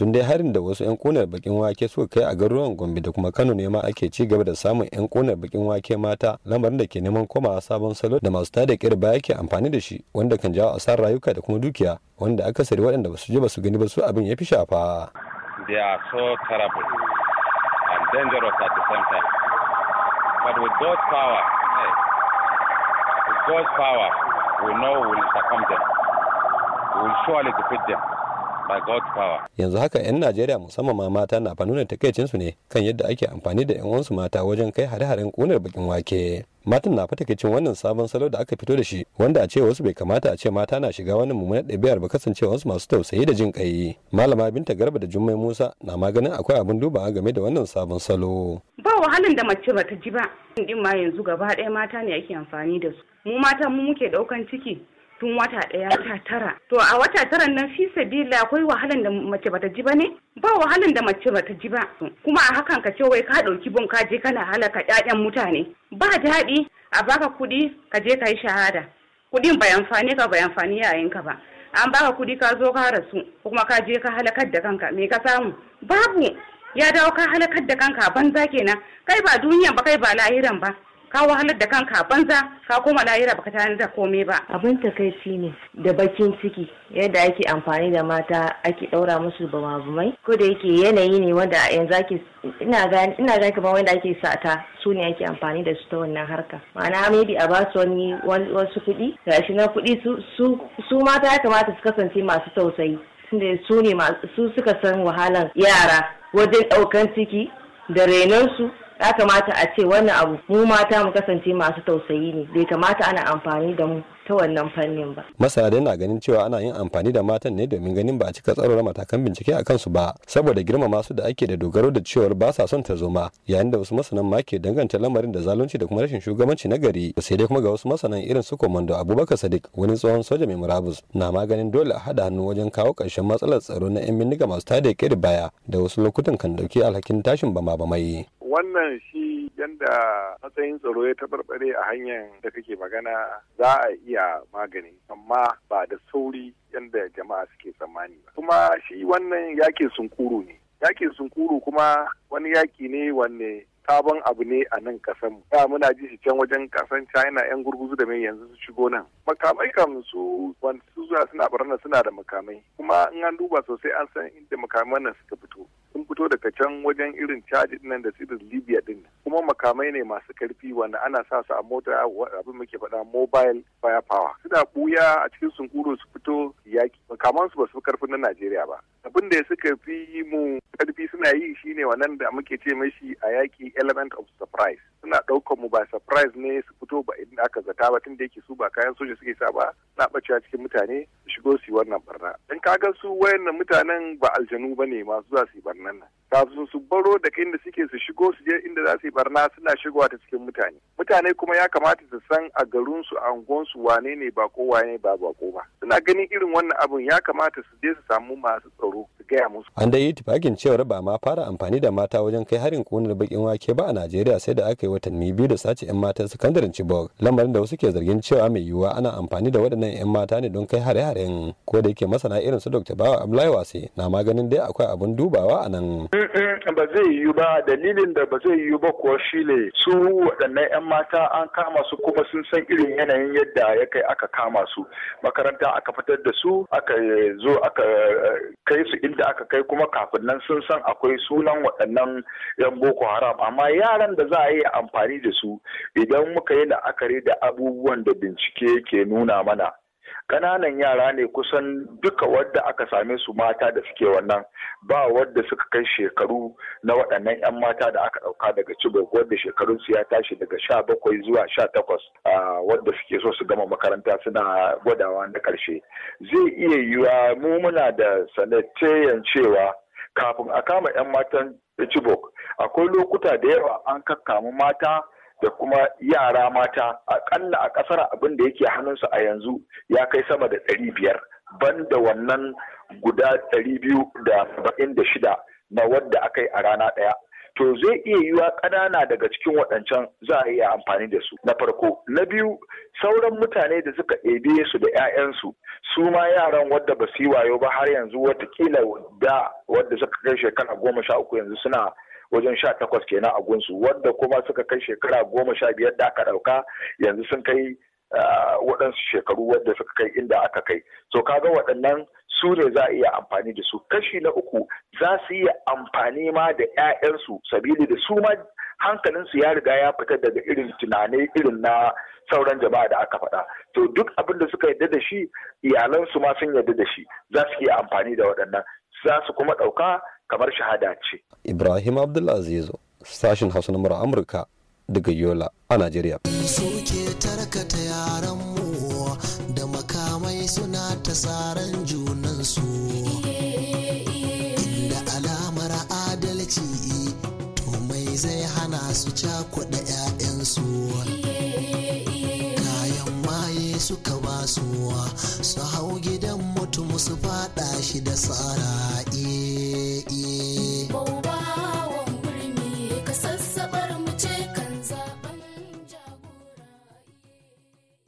tun dai harin da wasu 'yan kunar bakin wake suka kai a garuruwan gombe da kuma kano ne ma ake ci gaba da samun 'yan kunar bakin wake mata lamarin da ke neman komawa sabon salo da masu tada kirba ke amfani da shi wanda kan jawo asarar rayuka da kuma dukiya wanda aka waɗanda ba su je ba su gani ba su abin ya fi shafa. They power, we know will succumb them. We will surely defeat them. by God's power. Yanzu haka 'yan Najeriya musamman ma mata na fa nuna takaicinsu ne kan yadda ake amfani da 'yan wasu mata wajen kai hare-haren ƙunar bakin wake. matan na fatakaicin wannan sabon salo da aka fito da shi wanda a ce wasu bai kamata a ce mata na shiga wani mummunar ɗabi'ar ba kasance wasu masu tausayi da jin ƙai malama binta garba da jummai musa na maganin akwai abin dubawa game da wannan sabon salo ba wahalin da mace ba ta ji ba din ma yanzu gaba ɗaya mata ne ake amfani da su mu mata mu muke ɗaukan ciki tun wata ɗaya ta tara to a wata tara nan fi sabila akwai wahalan da mace bata ji ba ne ba wahalan da mace bata ji ba kuma a hakan ka ce wai ka ɗauki bun ka je kana halaka ƴaƴan mutane ba daɗi a baka kuɗi ka je ka yi shahada kuɗin bai amfani ka bai amfani ka ba an baka kuɗi ka zo ka rasu ko kuma ka je ka halakar da kanka me ka samu babu ya dawo ka halakar da kanka banza kenan kai ba duniyan ba kai ba lahiran ba ka wahalar da kanka banza ka koma lahira baka tare da komai ba abin takaici ne da bakin ciki yadda ake amfani da mata ake daura musu bumabumai ko da yake yanayi ne wanda yanzu ake ina gani ina kamar wanda ake sata su ne ake amfani da su ta wannan harka ma'ana maybe a basu wani wasu kuɗi gashi na kuɗi su mata ya kamata su kasance masu tausayi su ne su suka san wahalan yara wajen ɗaukan ciki da renon su. ya kamata a ce wannan abu mu mata mu kasance masu tausayi ne bai kamata ana amfani da mu ta wannan fannin ba. Masana dai na ganin cewa ana yin amfani da matan ne domin ganin ba a cika tsarora matakan bincike a kansu ba saboda girmama su da ake da dogaro da cewar ba sa son ta tarzoma yayin da wasu masanan ma ke danganta lamarin da zalunci da kuma rashin shugabanci na gari sai dai kuma ga wasu masanan irin su komando Abubakar Sadiq wani tsohon soja mai murabus na maganin dole a haɗa hannu wajen kawo ƙarshen matsalar tsaro na 'yan bindiga masu tada ya baya da wasu lokutan kan ɗauki alhakin tashin bama-bamai. wannan shi yadda matsayin tsaro ya tabarbare a hanyar da kake magana za a iya magani amma ba da sauri yadda jama'a suke tsammani ba kuma shi wannan yakin sunkuru ne yakin sunkuru kuma wani yaki ne wanne sabon abu ne a nan kasan da muna ji shi can wajen kasan china yan gurguzu da mai yanzu su shigo nan makamai kam su wani su suna barna suna da makamai kuma in an duba sosai an san inda makamai nan suka fito fito daga can wajen irin caji nan da siris libya din kuma makamai ne masu karfi wanda ana sa su a mota abin muke faɗa mobile firepower suna buya a cikin sunkuru su fito yaki makaman su ba su karfin na najeriya ba abin da su karfi mu karfi suna yi shine wannan da muke ce mashi a yaki element of surprise suna ɗaukar mu ba surprise ne su fito ba idan aka zata ba tun da yake su ba kayan soja suke sa ba na ɓacewa cikin mutane shigo su yi wannan barna in ka ga su wayannan mutanen ba aljanu ba ne masu za su yi barnan nan kafin su baro daga inda suke su shigo su je inda za su yi barna suna shigowa ta cikin mutane mutane kuma ya kamata su san a garinsu a unguwansu wane ne ba ko wane ba bako ba suna ganin irin wannan abun ya kamata su je su samu masu tsaro su gaya musu an dai tufakin cewar ba ma fara amfani da mata wajen kai harin kunar bakin wake ba a najeriya sai da aka yi watanni biyu da sace yan matan sakandaren chibok lamarin da wasu ke zargin cewa mai yiwuwa ana amfani da waɗannan yan mata ne don kai hare-haren ko da yake masana irin su dr bawa abdullahi na maganin dai akwai abun dubawa a nan Eh, eh, ba zai yiwu ba dalilin da ba zai yiwu ba kuwa shine su waɗannan 'yan mata an kama su kuma sun san irin yanayin yadda ya kai aka kama su makaranta aka fitar da su aka zo aka eh, kai su inda aka kai kuma kafin nan sun san akwai sunan waɗannan 'yan boko haram amma yaran da za a yi amfani da su idan muka yi la'akari da abubuwan da bincike ke nuna mana ƙananan yara ne kusan duka wadda aka same su mata da suke wannan ba wadda suka kai shekaru na waɗannan 'yan mata da aka ɗauka daga cibok wadda shekarun su ya tashi daga sha bakwai zuwa sha takwas wadda suke so su gama makaranta suna gwadawa na ƙarshe zai iya yiwa mu muna da sanatayen cewa kafin a kama 'yan matan cibok akwai lokuta da yawa an kakkamu mata da kuma yara mata akalla a kasar abin da yake hannunsu a yanzu ya kai sama da ɗari biyar banda wannan guda ɗari biyu da saba'in da shida na wadda aka yi a rana ɗaya to zai iya yiwa ƙanana daga cikin waɗancan za a iya amfani da su na farko na biyu sauran mutane da suka ɗebe su da 'ya'yansu su ma yaran wadda ba su yi wayo ba har yanzu watakila da wadda suka kai shekara goma sha uku yanzu suna wajen sha takwas kenan a gunsu wadda kuma suka kai shekara goma sha biyar da aka ɗauka yanzu sun kai ah, waɗansu shekaru wadda suka kai inda aka kai so kaga waɗannan su ne za a iya amfani da su kashi na uku za su iya amfani ma da 'ya'yansu sabili da su ma hankalinsu ya riga ya fita daga irin tunani irin na sauran jama'a da aka faɗa to duk abin da suka yarda da shi iyalansu ma sun yadda da shi za su iya amfani da waɗannan za su kuma ɗauka kamar shahada ce. Ibrahim Abdullaziz sashin Hausa na Amurka daga Yola a Najeriya. Soke tarkata yaran mu da makamai suna ta tsaran junansu. Inda alamar adalci to mai zai hana su cakuɗa 'ya'yansu. Kayan maye suka basuwa su hau gidan mutum su faɗa shi da tsara'i. Eh.